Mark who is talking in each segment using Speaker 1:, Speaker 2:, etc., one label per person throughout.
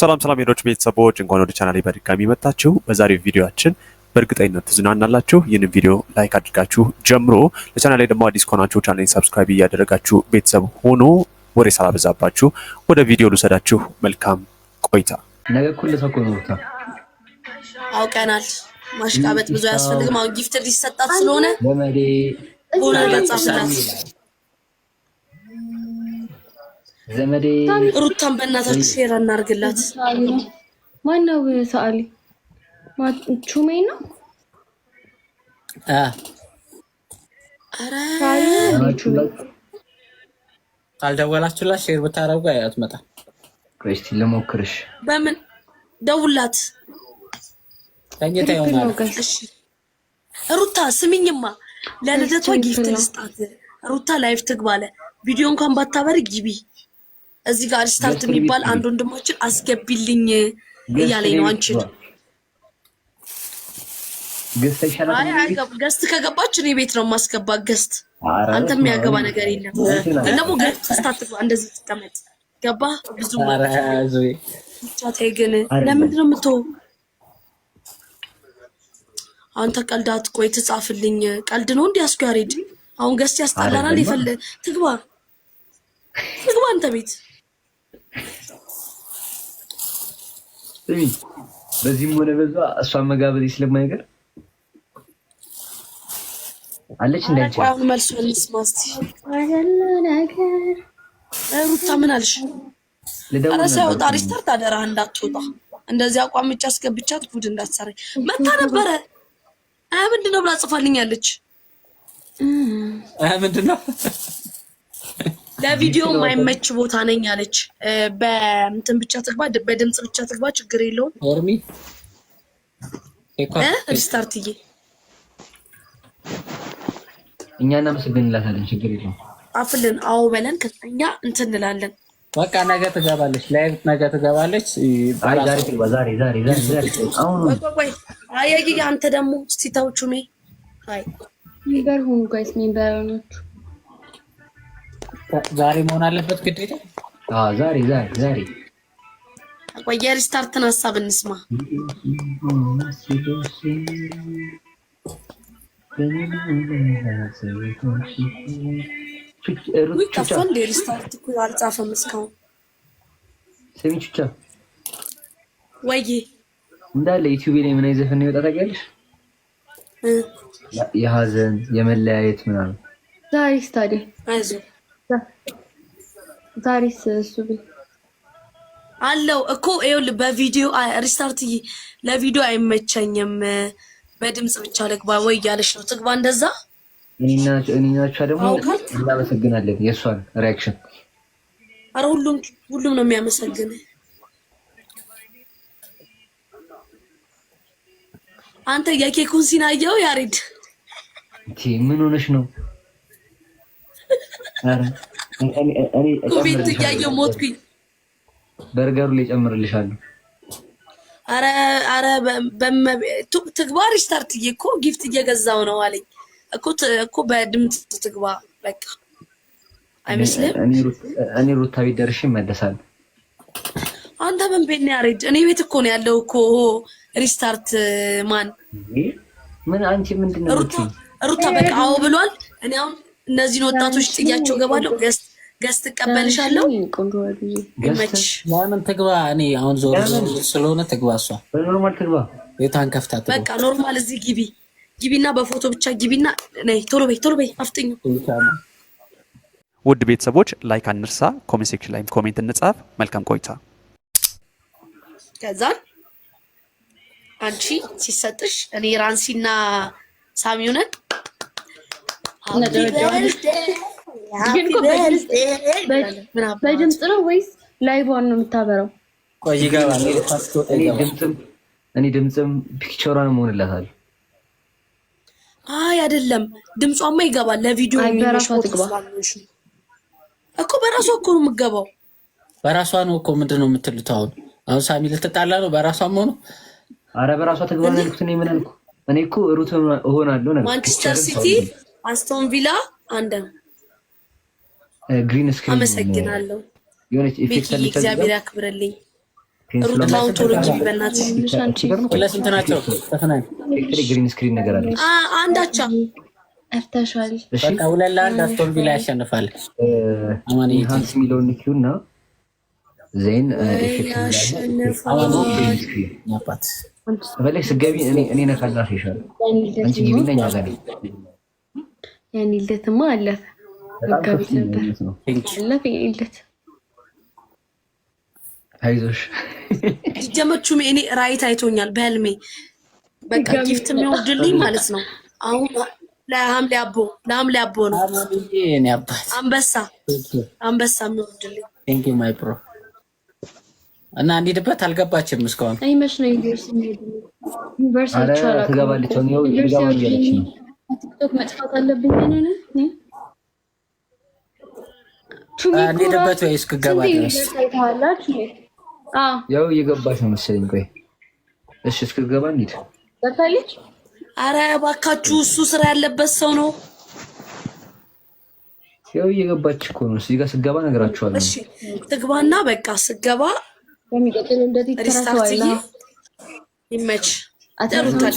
Speaker 1: ሰላም ሰላም ሄዶች ቤተሰቦች እንኳን ወደ ቻናሌ በድጋሚ መጣችሁ። በዛሬው ቪዲዮችን በእርግጠኝነት ትዝናናላችሁ። ይህንን ቪዲዮ ላይክ አድርጋችሁ ጀምሮ ለቻናሌ ደግሞ አዲስ ከሆናችሁ ቻናሌን ሰብስክራይብ እያደረጋችሁ ቤተሰብ ሆኖ ወሬ ሳላበዛባችሁ ወደ ቪዲዮ ልውሰዳችሁ። መልካም ቆይታ።
Speaker 2: ነገ እኩል ሰው እኮ
Speaker 3: አውቀናል። ማሽቃበጥ ብዙ አያስፈልግም። አሁን ጊፍት ሊሰጣት ስለሆነ ሆነ ዘመዴ ሩታን በእናታችሁ ሼር እናርግላት።
Speaker 4: ማነው ሰአሊ? ቹሜ ነው።
Speaker 2: ካልደወላችሁላት ሼር ብታረጉ አትመጣም። እስቲ ልሞክርሽ።
Speaker 3: በምን ደውላት።
Speaker 2: ተኝታ ይሆናል።
Speaker 3: ሩታ ስሚኝማ፣ ለልደቷ ጊፍት ልስጣት። ሩታ ላይፍ ትግባለ። ቪዲዮ እንኳን ባታበር ግቢ እዚህ ጋር ስታርት የሚባል አንድ ወንድማችን አስገቢልኝ እያለኝ ነው። አንቺን ገስት ከገባች እኔ ቤት ነው የማስገባ። ገስት አንተ የሚያገባ ነገር የለም። ደግሞ ገስት ስታርት እንደዚህ ትቀመጥ ገባ ብዙ
Speaker 4: ቻታይ ግን ነው የምትሆ
Speaker 3: አንተ ቀልዳት ቆይ ትጻፍልኝ ቀልድ ነው እንዲህ አስኩ ያሬድ አሁን ገስት ያስጠላናል። ይፈል ትግባ ትግባ አንተ ቤት
Speaker 2: በዚህም ሆነ በዛ እሷን መጋበዝ ስለማይገር አለች እንዳንቺ አሁን
Speaker 3: መልሷን ልስማ ሩታ ምን አልሽ? ኧረ ሳይወጣ ሪስታርት እንዳትወጣ። እንደዚህ አቋም ብቻ አስገብቻት ጉድ እንዳትሰራኝ መታ ነበረ። ምንድን ነው ብላ ጽፋልኛለች። ምንድን ነው ለቪዲዮ የማይመች ቦታ ነኝ አለች። በእንትን ብቻ ትግባ፣ በድምፅ ብቻ ትግባ፣ ችግር የለውም። ርሚ ሪስታርትዬ
Speaker 2: እኛ እናመሰግንላታለን። ችግር
Speaker 3: የለውም። አፍልን አዎ በለን ከኛ
Speaker 2: እንትን እንላለን። በቃ ነገ ትገባለች፣ ላይ ነገ ትገባለች።
Speaker 3: አያጊ አንተ ደግሞ ስቲታዎቹ ሜ
Speaker 4: አይ ሚንበር ሁኑ ጋይስ ሚንበር ሆኖቹ
Speaker 2: ዛሬ መሆን አለበት ግዴታ። ዛሬ ዛሬ ዛሬ
Speaker 3: ቆየ። ሪስታርትን ሀሳብ እንስማ። ሪስታርት
Speaker 2: እንዳለ ዩቲዩብ ላይ ምን ዘፈን ታውቂያለሽ? የሀዘን የመለያየት
Speaker 4: ምናምን ዛሬ ስታዲያ እሱ
Speaker 3: አለው እኮ ይኸውልህ፣ በቪዲዮ ሪስታርት ለቪዲዮ አይመቸኝም፣ በድምጽ ብቻ ልግባ ወይ እያለች ነው። ትግባ እንደዛ።
Speaker 2: እኔናቻ ደግሞ እናመሰግናለን የእሷን ሪያክሽን።
Speaker 3: አረ ሁሉም ሁሉም ነው የሚያመሰግን። አንተ የኬኩን ሲናየው ያሬድ ምን ሆነሽ ነው? ኮሜንት እያየሁ ሞትኩኝ።
Speaker 2: በርገሩ ላይ ጨምርልሻለሁ።
Speaker 3: አረ ትግባ ሪስታርትዬ እኮ ጊፍት እየገዛው ነው አለኝ እኮ በድምፅ ትግባ። በቃ አይመስልም።
Speaker 2: እኔ ሩታ ቤት ደርሼ እመለሳለሁ።
Speaker 3: አንተ ምን ቤት ነው ያሬድ? እኔ ቤት እኮ ነው ያለው እኮ ሪስታርት። ማን
Speaker 2: ምን አንቺ ምንድን ነው
Speaker 3: ሩታ? በቃ አዎ ብሏል። እኔ አሁን እነዚህን ወጣቶች ጥያቸው ገባለሁ። ገስት እቀበልሻለሁ።
Speaker 2: ለምን ትግባ? እኔ አሁን ዞር ስለሆነ ትግባ፣ እሷ በኖርማል
Speaker 3: ትግባ። የታን ከፍታት በቃ ኖርማል። እዚህ ግቢ ግቢና፣ በፎቶ ብቻ ግቢና፣ ቶሎ በይ፣ ቶሎ በይ፣ አፍጥኙ።
Speaker 1: ውድ ቤተሰቦች ላይክ አንርሳ፣ ኮሜንት ሴክሽን ላይ ኮሜንት እንጻፍ። መልካም ቆይታ።
Speaker 3: ከዛን አንቺ ሲሰጥሽ እኔ ራንሲና ሳሚውነን
Speaker 4: በድምፅ ነው ወይስ ላይቧን ነው የምታበረው?
Speaker 2: እኔ ድምፅም ፒክቸሯን መሆንላታል።
Speaker 3: አይ አይደለም፣ ድምጿማ ይገባል። ለቪዲዮ እኮ በራሷ እኮ ነው የምገባው።
Speaker 2: በራሷ ነው እኮ ምንድን ነው የምትሉት? አሁን አሁን ሳሚ ልትጣላ ነው። በራሷ ሆኖ አረ በራሷ ተግባ ልኩት። እኔ ምን አልኩ? እኔ እኮ ሩት
Speaker 3: እሆናለሁ። ማንቸስተር ሲቲ አስቶን ቪላ አንደ
Speaker 2: ግሪን ስክሪን አመሰግናለሁ። የሆነች ኢፌክት አለ። እግዚአብሔር ያክብርልኝ።
Speaker 3: ሩት አውቶሎጂ በእናትህ
Speaker 2: ለስንት ናቸው? ግሪን ስክሪን ነገር
Speaker 3: አለ። አንዳቻ
Speaker 2: እርተሻል። በቃ ሁለት ለአንድ አስቶን ቪላ ያሸንፋል። ሀንስ የሚለውን ኪውና ዜን ኢፌክት ስገቢ እኔ ነካላሽ ይሻል አንቺ ግቢ ነኝ ጋር
Speaker 4: ያን ይልደትማ አለፈ መጋቢት ነበር አለፈ
Speaker 2: ያን ልደት። አይዞሽ
Speaker 3: ጀመቹም እኔ ራይት አይቶኛል በህልሜ በቃ ጊፍት የሚወድልኝ ማለት ነው። አሁን ለሐምሌ አቦ ለሐምሌ አቦ ነው አንበሳ አንበሳ
Speaker 2: የሚወድልኝ ማይ ፕሮ እና እንሂድበት አልገባችም እስካሁን። አይ ነው ዩኒቨርስ ዩኒቨርስ ትገባለች ነው ቲክቶክ መጥፋት አለብኝ እኔ እንሄድበት ወይ እስክገባ ድረስ ያው እየገባች ነው መሰለኝ። ቆይ እሺ፣ እስክገባ እንሂድ።
Speaker 3: አረ እባካችሁ እሱ ስራ ያለበት ሰው ነው።
Speaker 2: ያው እየገባች እኮ ነው። እዚህ ጋር ስገባ እነግራችኋለሁ። እሺ፣
Speaker 3: ትግባና በቃ ስገባ በሚቀጥል እንደዚህ ተራሰዋላ ይመች አጠሩታል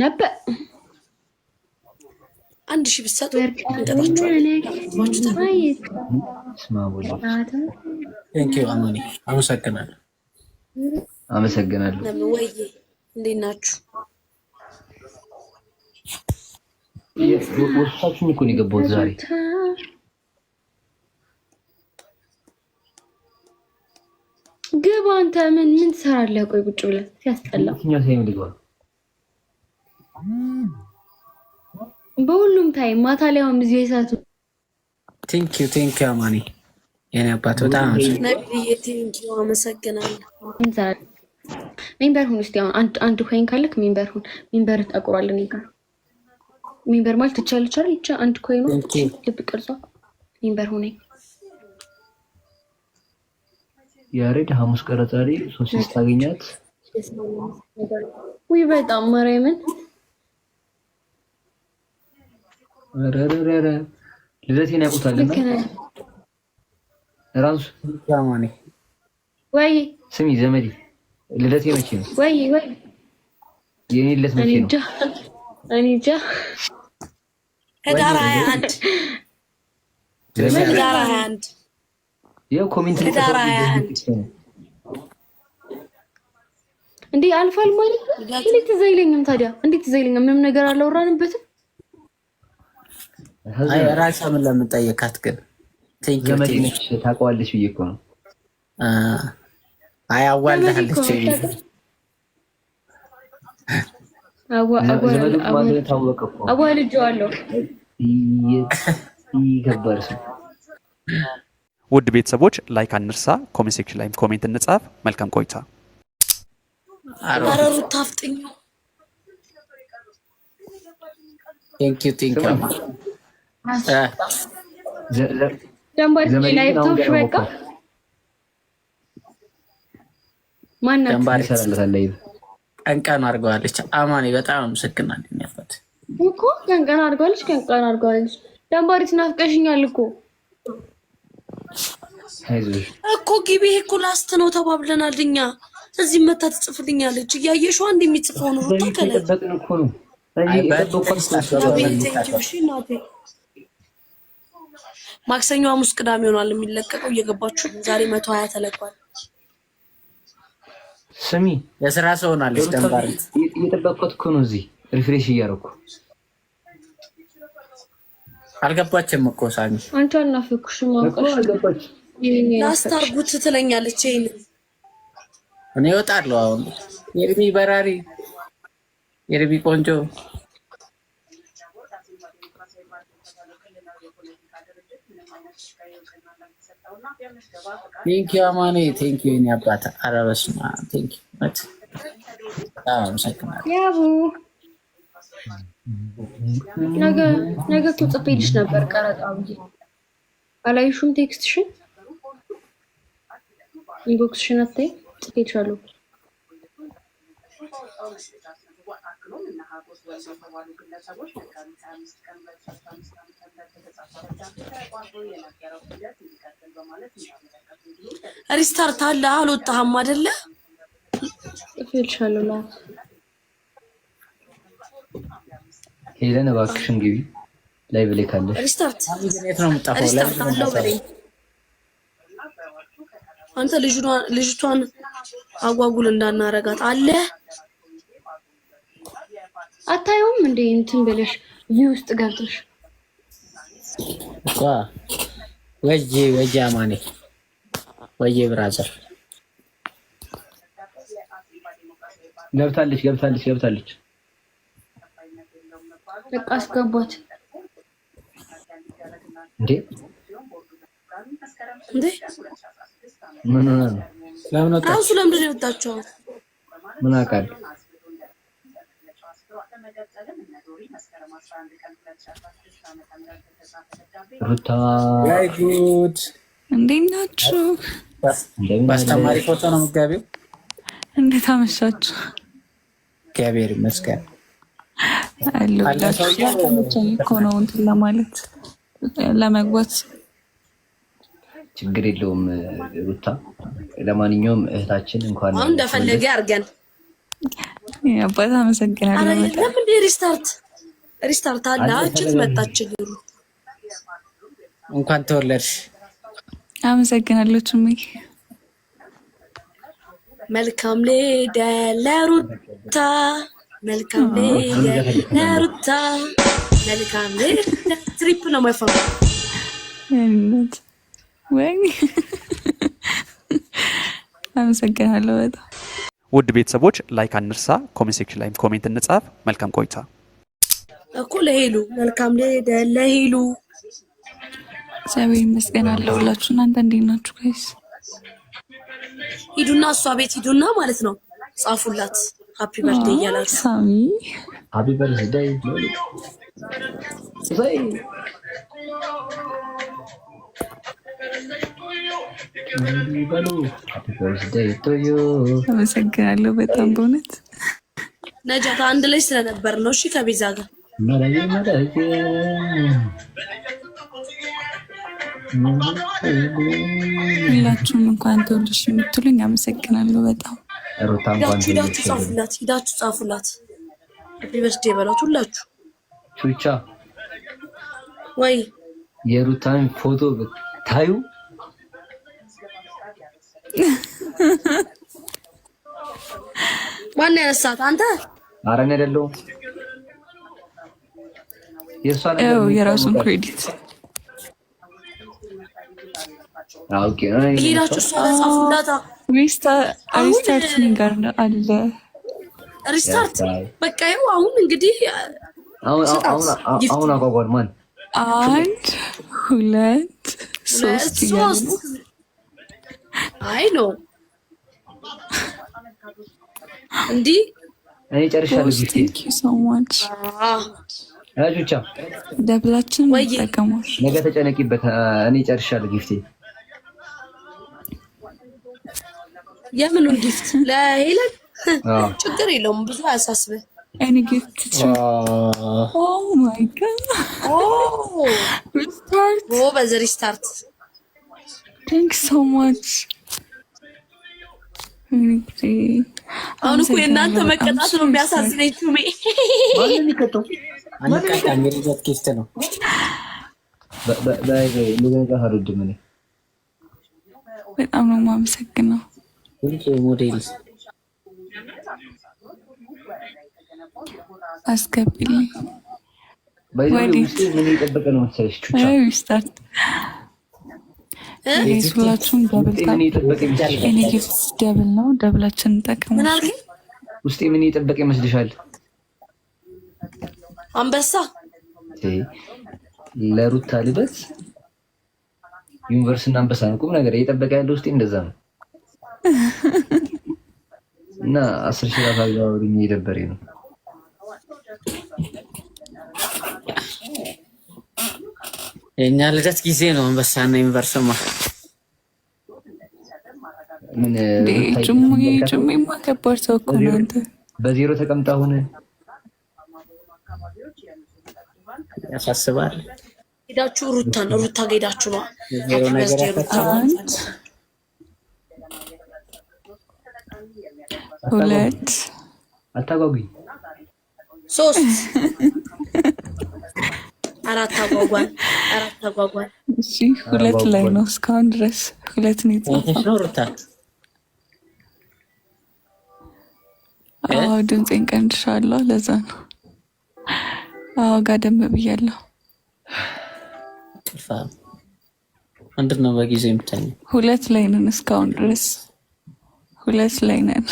Speaker 3: ነበር አንድ ሺህ ብትሰጡ እንቀጣችኋለን።
Speaker 2: አመሰግናለሁ። አመሰግናለሁ። ወይ እንዴት ናችሁ? ወሳችን እኮ ነው የገባሁት ዛሬ
Speaker 4: ግባ። አንተ ምን ምን ትሰራለህ? ቆይ ቁጭ ብለህ ሲያስጠላ በሁሉም ታይ ማታ ላይ አሁን ብዙ የሰዓቱ
Speaker 2: ቴንክ ዩ ቴንክ ዩ አማኒ የኔ አባት በጣም
Speaker 3: አመሰግናለሁ።
Speaker 4: ሚንበር ሁን እስቲ አሁን አንድ ኮይን ካለክ ሚንበር ሁን። ሚንበር ጠቁሯል። እኔ ጋር ሚንበር ማለት ትቻል አይደል? ይቻ አንድ ኮይኑ ልብ ቅርጿ ሚንበር ሁን።
Speaker 2: ያሬድ ሐሙስ ቀረጻሪ ሶስት ታገኛት።
Speaker 3: ውይ በጣም ማርያምን
Speaker 2: ልደቴን ያውቁታል። ራሱ
Speaker 3: ወይ ስሚ ዘመዴ
Speaker 2: ልደቴ መቼ ነው? ወይ ወይ የኔ ልደት መቼ ነው?
Speaker 4: እኔ እንጃ
Speaker 3: ህዳር ሀያ አንድ ህዳር ሀያ አንድ
Speaker 2: ኮሜንት ህዳር ሀያ አንድ
Speaker 4: እንዴ አልፏል ማለት እንዴት ትዝ ታዲያ? እንዴት ዘይለኛ ምንም ነገር አላወራንበትም።
Speaker 2: ራሷ ምን ለምንጠየካት ግን ታውቀዋለች ብዬ እኮ ነው። አይ አዋልዳለች
Speaker 4: ሰው
Speaker 1: ውድ ቤተሰቦች ላይክ አንርሳ፣ ኮሜንት ሴክሽን ላይ ኮሜንት እንጻፍ። መልካም ቆይታ።
Speaker 3: አረሩ ታፍጥኝ
Speaker 2: ቴንኪዩ ቴንኪዩ ቀንቀን አድርገዋለች። አማኔ በጣም አመሰግናለሁ።
Speaker 4: የሚያፈት እኮ ቀንቀን አድርገዋለች። ቀንቀን አድርገዋለች። ደንባሪት ናፍቀሽኛል እኮ
Speaker 2: እኮ
Speaker 3: ግቢ እኮ ላስት ነው ተባብለናል። እኛ እዚህ መታ ትጽፍልኛለች። እያየሽዋ እንደሚጽፈው ነው። ማክሰኞ፣ ሐሙስ፣ ቅዳሜ ይሆናል የሚለቀቀው። እየገባችሁ ዛሬ መቶ ሀያ ተለቋል።
Speaker 2: ስሚ የስራ ሰው ሆናለች። ደንባር እየጠበቅኩት እኮ ነው። እዚህ ሪፍሬሽ እያደረኩ አልገባችም እኮ
Speaker 4: ሳሚ። አንቺ አልናፈኩሽ ማውቀሽ
Speaker 3: ላስታርጉት ትለኛለች። ይህን
Speaker 2: እኔ እወጣለሁ አሁን። የእድሜ በራሪ የእድሜ ቆንጆ ቴንኪ አማኔ ቴንኪ የኔ አባት። ኧረ በስመ አብ ቴንኪ ነት ያቡ
Speaker 4: ነገ ነገ እኮ ጽፌልሽ ነበር ቀረጻ ብዬ ቴክስትሽን ኢንቦክስሽን አታይ ጽፌልሻለሁ። እና ሀጎስ ወይስ የተባሉ ግለሰቦች መጋቢት
Speaker 3: አምስት ቀን ሁለት አምስት ደብዳቤ ተቋርጦ የነበረው ሂደት እንዲቀጥል በማለት እንዳመለከቱ እንዲሁም ሪስታርት አለ አልወጣህም አይደለ?
Speaker 4: ፈልሻለሁ
Speaker 2: ሄለን እባክሽን ግቢ ላይ ብሌ ካለሽ ሪስታርት
Speaker 3: አንተ ልጅቷን አጓጉል እንዳናረጋት አለ አታየውም እንዴ እንትን ብለሽ እዚህ ውስጥ ገብተሽ
Speaker 2: ወይዬ ወጂ አማኔ ወጂ ብራዘር ገብታለች ገብታለች ገብታለች።
Speaker 3: በቃ አስገቧት እንዴ እንዴ ምን ነው? ለምን ወጣችሁ? አሁን ስለምንድን ነው የወጣችሁት?
Speaker 2: ምን አውቃለሁ ሩታይጉድ
Speaker 4: እንዴት ናችሁ?
Speaker 2: በአስተማሪ ፎቶ ነው
Speaker 4: እንዴት አመሻችሁ?
Speaker 2: እግዚአብሔር ይመስገን
Speaker 4: ነው እንትን ለማለት ለመግባት
Speaker 2: ችግር የለውም ሩታ። ለማንኛውም እህታችን
Speaker 3: እንኳን አሁን እንደፈለገ አድርገን
Speaker 4: አባት አመሰግናለሁ።
Speaker 3: ሪስታርት ሪስታርት አለ
Speaker 2: እንኳን ተወለድሽ።
Speaker 4: አመሰግናለሁ።
Speaker 3: መልካም ሌደ ለሩታ መልካም ሌደ ለሩታ መልካም ሌደ ትሪፕ ነው
Speaker 4: ወይ አመሰግናለሁ በጣም
Speaker 1: ውድ ቤተሰቦች ላይክ አንርሳ፣ ኮሜንት ሴክሽን ላይም ኮሜንት እንጻፍ። መልካም ቆይታ
Speaker 3: እኮ ለሄሉ መልካም ለሄሉ
Speaker 4: እግዚአብሔር ይመስገን አለሁላችሁ። እናንተ እንዴት ናችሁ? ጋይስ
Speaker 3: ሂዱና እሷ ቤት ሂዱና ማለት ነው ጻፉላት ሀፒ በርዴ እያላችሁ ሳሚ
Speaker 2: ሀፒ በርዴ
Speaker 4: አመሰግናለሁ በጣም በእውነት
Speaker 3: ነጃት፣ አንድ ላይ ስለነበር ነው። እሺ ከቤዛ ጋር
Speaker 4: ሁላችሁም እንኳን ተወልሽ የምትሉኝ አመሰግናለሁ በጣም
Speaker 3: ሂዳችሁ ጻፉላት፣ ሂዳችሁ ጻፉላት። ዩኒቨርስቲ የበላት ሁላችሁ ቹቻ ወይ
Speaker 2: የሩታን ፎቶ ታዩ
Speaker 3: ማን ያነሳት? አንተ?
Speaker 2: አረን አይደለው
Speaker 4: አይደለሁም። የራሱን ክሬዲት ሪስታርት
Speaker 3: በቃ ይኸው አሁን እንግዲህ
Speaker 2: አሁን አቋቋል ማን
Speaker 4: አንድ ሁለት ሶስት ሶስት
Speaker 3: አይ ነው እንዲህ
Speaker 4: እኔ ጨርሻለሁ። ቻ ደብላችን
Speaker 2: ነገ ተጨነቂበት። እኔ ጨርሻለሁ። ጊፍቴ
Speaker 3: የምኑን ጊፍት ለሄለን ችግር የለውም ብዙ
Speaker 4: አያሳስብህ። Any a to uh, Oh my god. Oh. restart.
Speaker 3: Oh, but the restart.
Speaker 4: Thanks so much.
Speaker 3: አሁን እኮ የእናንተ መቀጣት ነው የሚያሳዝነኝ። ቱሜ
Speaker 2: አንቀጣሚሪዛት ኬስት ነው።
Speaker 4: በጣም ነው የማመሰግነው ሞዴል አስገቢልኝ።
Speaker 2: ሁላችሁም
Speaker 4: ደብል ደብል ነው፣ ደብላችን እንጠቀም።
Speaker 2: ውስጤ ምን የጠበቀ ይመስልሻል? አንበሳ ለሩታ ልደት ዩኒቨርስና አንበሳ ነው። ቁም ነገር እየጠበቀ ያለ ውስጤ እንደዛ ነው። እና አስር ሺህ ራሳ ጋር ወደ ነው የእኛ ልደት ጊዜ ነው። አንበሳና ዩኒቨርስማ
Speaker 4: ጭሙማ ከባድ ሰው እኮ ነው።
Speaker 2: አንተ በዜሮ ያሳስባል።
Speaker 3: ሄዳችሁ ሩታን ሩታ ሄዳችሁ ነው
Speaker 4: ሁለት
Speaker 2: አታጓጉኝ
Speaker 3: ሶስት አራት አጓጓል። አራት
Speaker 4: አጓጓል። እሺ ሁለት ላይ ነው እስካሁን ድረስ ሁለት ነው የጻፈው። አዎ ድምፄን ቀንሻለሁ፣ ለዛ ነው። አዎ ጋደም ብያለሁ።
Speaker 2: ምንድን ነው በጊዜ የምታኝ?
Speaker 4: ሁለት ላይ ነን እስካሁን ድረስ ሁለት ላይ ነን።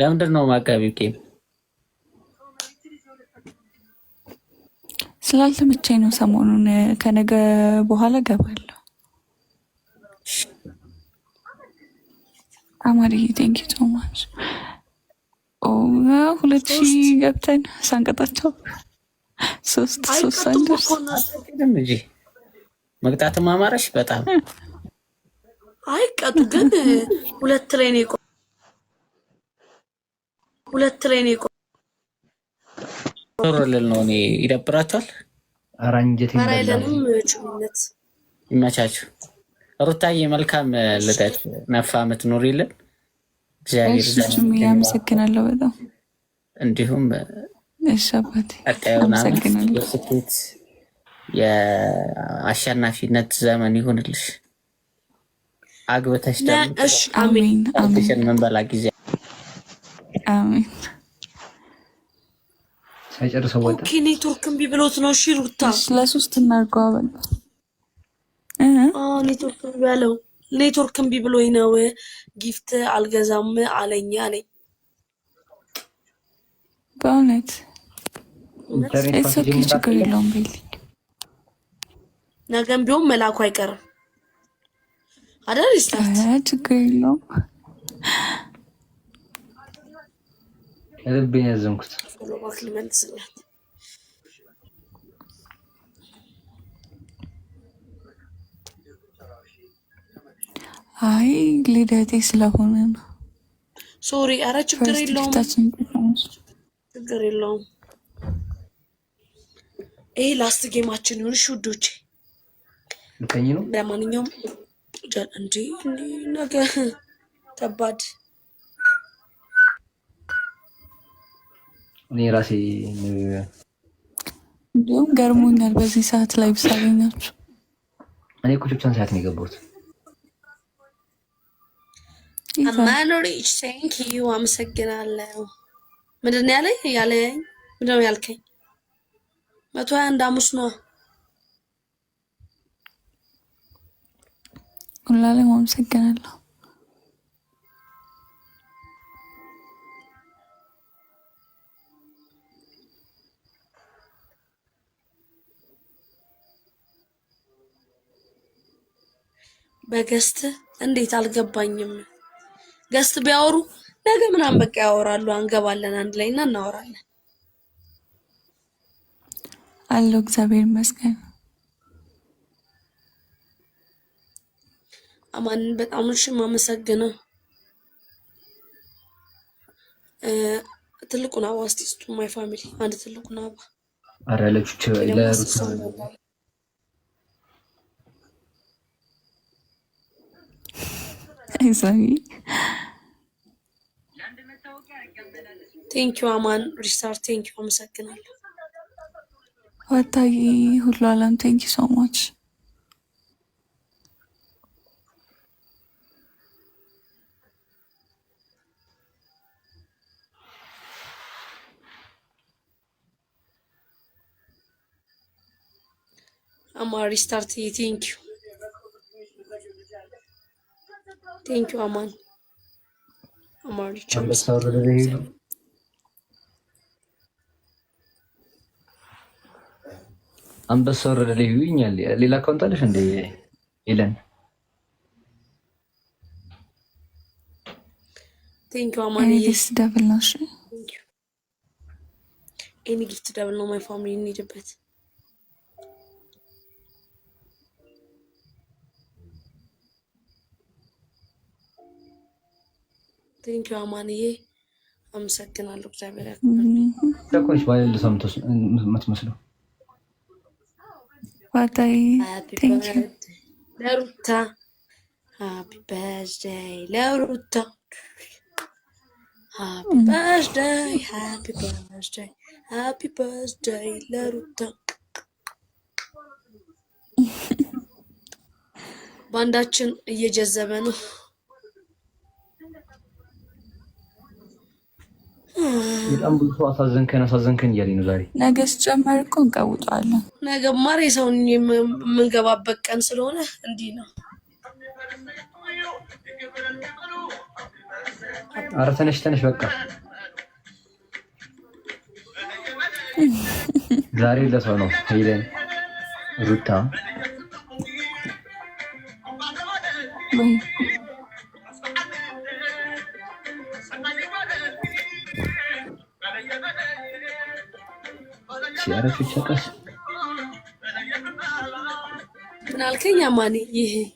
Speaker 2: ለምንድን ነው ማጋቢው? ጌም
Speaker 4: ስላልተመቸኝ ነው። ሰሞኑን ከነገ በኋላ ገባለሁ። አማሪ ቴንኪ ቶማች ሁለት ሺህ ገብተን ሳንቀጣቸው ሶስት ሶስት ሳንደርስ
Speaker 2: መቅጣትም አማረሽ በጣም
Speaker 3: አይቀጡ ግን ሁለት ላይ ነው ሁለት ላይ ነው
Speaker 2: የቆረልል ነው። እኔ ይደብራቸዋል። ኧረ እንጀት ይለንም ይመቻችሁ። ሩታዬ መልካም ልደት ነፋ
Speaker 4: እግዚአብሔር ያመሰግናለሁ። በጣም
Speaker 2: እንዲሁም የአሸናፊነት ዘመን ይሁንልሽ። አግብተሽ ደግሞ
Speaker 4: አሜን መንበላ ጊዜ አሜን።
Speaker 2: ሳይጨርሰው ወጣ። ኦኬ
Speaker 3: ኔትወርክ እምቢ ነው።
Speaker 4: እሺ ሩታ ለሶስት እናድርገው አበል
Speaker 3: ኔትወርክ እምቢ አለው። ኔትወርክ ነው ጊፍት አልገዛም አለኝ አለኝ።
Speaker 4: በእውነት ችግር የለውም ቤል
Speaker 3: ነገም ቢሆን መላኩ አይቀርም አደር ይስላት
Speaker 4: ችግር የለውም።
Speaker 2: ልቤን ያዘንኩት
Speaker 4: አይ ልደቴ ስለሆነ
Speaker 3: ነው። ሶሪ። አረ ችግር የለውም፣ ችግር የለውም። ይሄ ላስት ጌማችን ይሁንሽ ውዶቼ። ለማንኛውም እንዲ ነገ ከባድ
Speaker 2: እኔ ራሴ
Speaker 4: እንዲሁም ገርሞኛል። በዚህ ሰዓት ላይ ብሳገኛችሁ
Speaker 2: እኔ ኮቾቻን ሰዓት ነው የገባሁት።
Speaker 3: አማሎሪች አመሰግናለሁ። ምንድን ነው ያለኝ ያለኝ ምንድን ነው ያልከኝ? መቶ ሀያ አንድ አሙስ ነው
Speaker 4: ሁላ ላይ አመሰግናለሁ።
Speaker 3: በገስት እንዴት አልገባኝም። ገስት ቢያወሩ ነገ ምናምን በቃ ያወራሉ። አንገባለን አንድ ላይ እና እናወራለን
Speaker 4: አለው። እግዚአብሔር ይመስገን።
Speaker 3: አማንን በጣም እሺ፣ ማመሰግነው ትልቁን አባ እስቲ ስጡ ማይ ፋሚሊ አንድ ትልቁን አባ
Speaker 2: አረ ለቹ
Speaker 4: Sorry.
Speaker 3: ቴንኪ አማን ሪስታር ቴንኪ አመሰግናለሁ።
Speaker 4: ወታይ ሁሉ አለም ቴንኪ ሶ ማች
Speaker 3: አማ ሪስታርት ቴንኪ Thank you Aman. Aman Richard. Ben saldırı değil.
Speaker 2: አንበሳው ልዩ ይኛል። ሌላ አካውንት አለሽ እንደ ይለን
Speaker 4: ጊፍት ደብል ነው። እሺ
Speaker 3: ኤኒ ጊፍት ደብል ነው ማይ ፋሚሊ እንሂድበት ቴንኪው አማንዬ፣ አመሰግናለሁ። እግዚአብሔር
Speaker 2: ያክብርልኝ። ኮች ባይል
Speaker 3: ለሩታ ሃፒ በርዝደይ ለሩታ ሃፒ mm. በርዝደይ ሃፒ በርዝደይ ሃፒ በርዝደይ ለሩታ ባንዳችን እየጀዘበ ነው።
Speaker 2: በጣም ብዙ ሰው አሳዘንከን አሳዘንከን እያለኝ ነው።
Speaker 4: ዛሬ ነገ ስጨመር እኮ
Speaker 3: እንቀውጠዋለን። ነገ ማር የሰውን የምንገባበት ቀን ስለሆነ እንዲህ ነው።
Speaker 2: አረ ተነሽ ተነሽ፣ በቃ ዛሬ ለሰው ነው ሄደን ሩታ Siara si cakas.
Speaker 3: Kenal ke ya mani ini. E-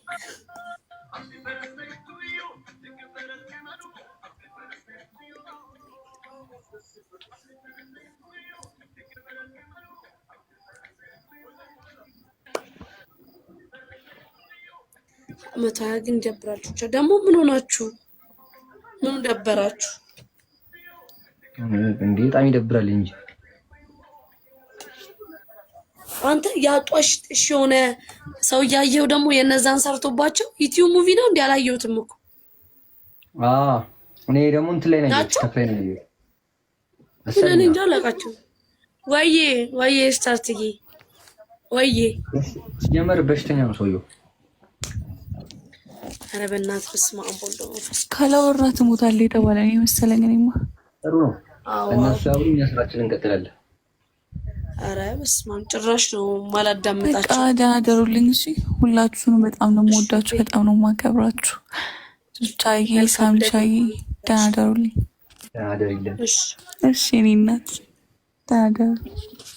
Speaker 3: Mata agin dia beracu. Jadi mau menunacu, menunda beracu.
Speaker 2: Kendi tapi dia beralih.
Speaker 3: አንተ ያጧሽ ጥሽ የሆነ ሰው እያየው ደግሞ የነዛን ሰርቶባቸው ዩቲዩብ ሙቪ ነው እንዲ አላየሁትም እኮ
Speaker 2: እኔ ደግሞ እንትን ላይ ነውቸውእኔ
Speaker 3: እንጃ አላቃቸው ወዬ ወዬ ስታርትዬ ወዬ
Speaker 2: የምር በሽተኛ ነው ሰውየው
Speaker 4: ኧረ በእናትህ በስመ አብ ወወልድ ወመንፈስ ካላወራ ትሞታለህ የተባለ ነው የመሰለኝ እኔማ
Speaker 2: ጥሩ ነው እነሱ አብሮ እኛ ስራችን እንቀጥላለን
Speaker 3: ኧረ በስመ ጭራሽ ነው
Speaker 4: የማላዳምጣቸው። በቃ ደህና ደሩልኝ። እሺ ሁላችሁንም በጣም ነው የምወዳችሁ፣ በጣም ነው የማከብራችሁ። ቻዬ፣ ሳምሻዬ ደህና ደሩልኝ። እሺ እኔ እናት ደህና ደሩልኝ።